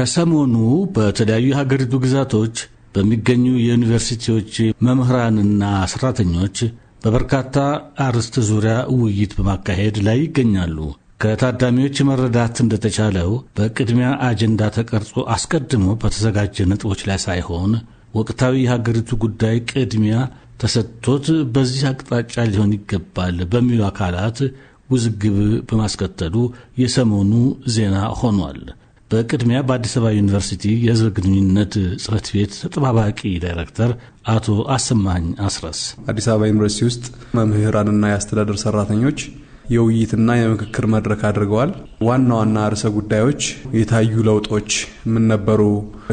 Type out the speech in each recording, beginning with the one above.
ከሰሞኑ በተለያዩ የሀገሪቱ ግዛቶች በሚገኙ የዩኒቨርሲቲዎች መምህራንና ሰራተኞች በበርካታ አርዕስት ዙሪያ ውይይት በማካሄድ ላይ ይገኛሉ። ከታዳሚዎች መረዳት እንደተቻለው በቅድሚያ አጀንዳ ተቀርጾ አስቀድሞ በተዘጋጀ ነጥቦች ላይ ሳይሆን ወቅታዊ የሀገሪቱ ጉዳይ ቅድሚያ ተሰጥቶት በዚህ አቅጣጫ ሊሆን ይገባል በሚሉ አካላት ውዝግብ በማስከተሉ የሰሞኑ ዜና ሆኗል። በቅድሚያ በአዲስ አበባ ዩኒቨርሲቲ የሕዝብ ግንኙነት ጽሕፈት ቤት ተጠባባቂ ዳይሬክተር አቶ አሰማኝ አስረስ አዲስ አበባ ዩኒቨርሲቲ ውስጥ መምህራንና የአስተዳደር ሰራተኞች የውይይትና የምክክር መድረክ አድርገዋል። ዋና ዋና ርዕሰ ጉዳዮች የታዩ ለውጦች ምን ነበሩ፣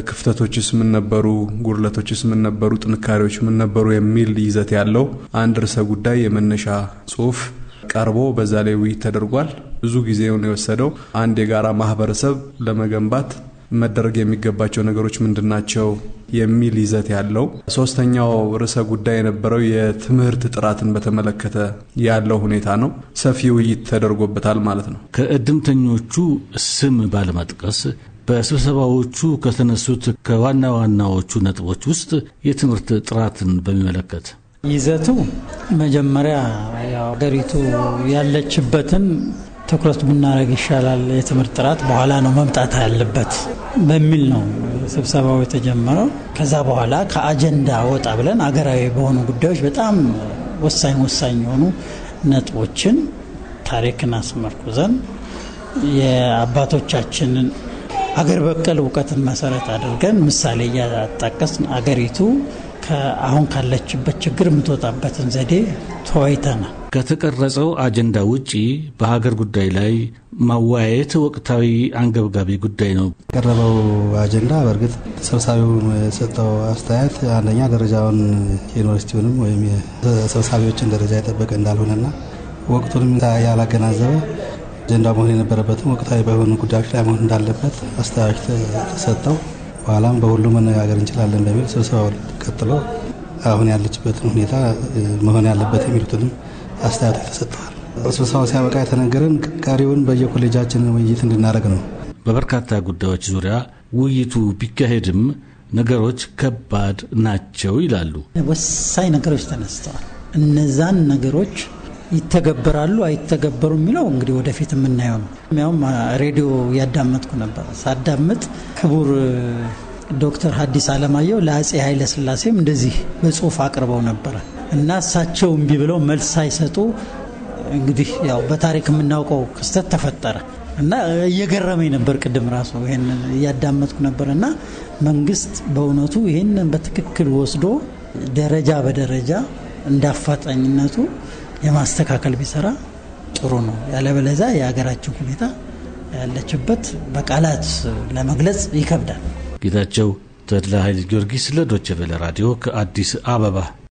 ክፍተቶችስ ምን ነበሩ፣ ጉድለቶችስ ምን ነበሩ፣ ጥንካሬዎች ምን ነበሩ የሚል ይዘት ያለው አንድ ርዕሰ ጉዳይ የመነሻ ጽሑፍ ቀርቦ በዛ ላይ ውይይት ተደርጓል። ብዙ ጊዜውን የወሰደው አንድ የጋራ ማህበረሰብ ለመገንባት መደረግ የሚገባቸው ነገሮች ምንድናቸው የሚል ይዘት ያለው። ሶስተኛው ርዕሰ ጉዳይ የነበረው የትምህርት ጥራትን በተመለከተ ያለው ሁኔታ ነው። ሰፊ ውይይት ተደርጎበታል ማለት ነው። ከእድምተኞቹ ስም ባለመጥቀስ በስብሰባዎቹ ከተነሱት ከዋና ዋናዎቹ ነጥቦች ውስጥ የትምህርት ጥራትን በሚመለከት ይዘቱ መጀመሪያ ሀገሪቱ ያለችበትን ትኩረት ብናደረግ ይሻላል፣ የትምህርት ጥራት በኋላ ነው መምጣት ያለበት በሚል ነው ስብሰባው የተጀመረው። ከዛ በኋላ ከአጀንዳ ወጣ ብለን አገራዊ በሆኑ ጉዳዮች በጣም ወሳኝ ወሳኝ የሆኑ ነጥቦችን ታሪክን አስመርኩዘን የአባቶቻችንን አገር በቀል እውቀትን መሰረት አድርገን ምሳሌ እያጣቀስን አገሪቱ አሁን ካለችበት ችግር የምትወጣበትን ዘዴ ተወይተና ከተቀረጸው አጀንዳ ውጪ በሀገር ጉዳይ ላይ ማወያየት ወቅታዊ አንገብጋቢ ጉዳይ ነው። የቀረበው አጀንዳ በእርግጥ ሰብሳቢው የሰጠው አስተያየት አንደኛ ደረጃውን ዩኒቨርሲቲውንም ወይም የሰብሳቢዎችን ደረጃ የጠበቀ እንዳልሆነና ወቅቱንም ያላገናዘበ አጀንዳ መሆን የነበረበትም ወቅታዊ በሆኑ ጉዳዮች ላይ መሆን እንዳለበት አስተያየት ተሰጠው። በኋላም በሁሉ መነጋገር እንችላለን በሚል ስብሰባው ቀጥሎ አሁን ያለችበትን ሁኔታ መሆን ያለበት የሚሉትንም አስተያየቶች ተሰጥተዋል። ስብሰባው ሲያበቃ የተነገረን ቀሪውን በየኮሌጃችን ውይይት እንድናደርግ ነው። በበርካታ ጉዳዮች ዙሪያ ውይይቱ ቢካሄድም ነገሮች ከባድ ናቸው ይላሉ። ወሳኝ ነገሮች ተነስተዋል። እነዛን ነገሮች ይተገበራሉ አይተገበሩ የሚለው እንግዲህ ወደፊት የምናየው ነው። ያውም ሬዲዮ ያዳመጥኩ ነበር። ሳዳምጥ ክቡር ዶክተር ሀዲስ ዓለማየሁ ለአጼ ኃይለ ስላሴም እንደዚህ በጽሁፍ አቅርበው ነበረ እና እሳቸው እምቢ ብለው መልስ ሳይሰጡ እንግዲህ ያው በታሪክ የምናውቀው ክስተት ተፈጠረ እና እየገረመኝ ነበር። ቅድም ራሱ ይህን እያዳመጥኩ ነበር እና መንግስት በእውነቱ ይህን በትክክል ወስዶ ደረጃ በደረጃ እንዳፋጣኝነቱ የማስተካከል ቢሰራ ጥሩ ነው። ያለበለዛ የሀገራችን ሁኔታ ያለችበት በቃላት ለመግለጽ ይከብዳል። ጌታቸው ተድላ ኃይል ጊዮርጊስ ለዶቸቬለ ራዲዮ ከአዲስ አበባ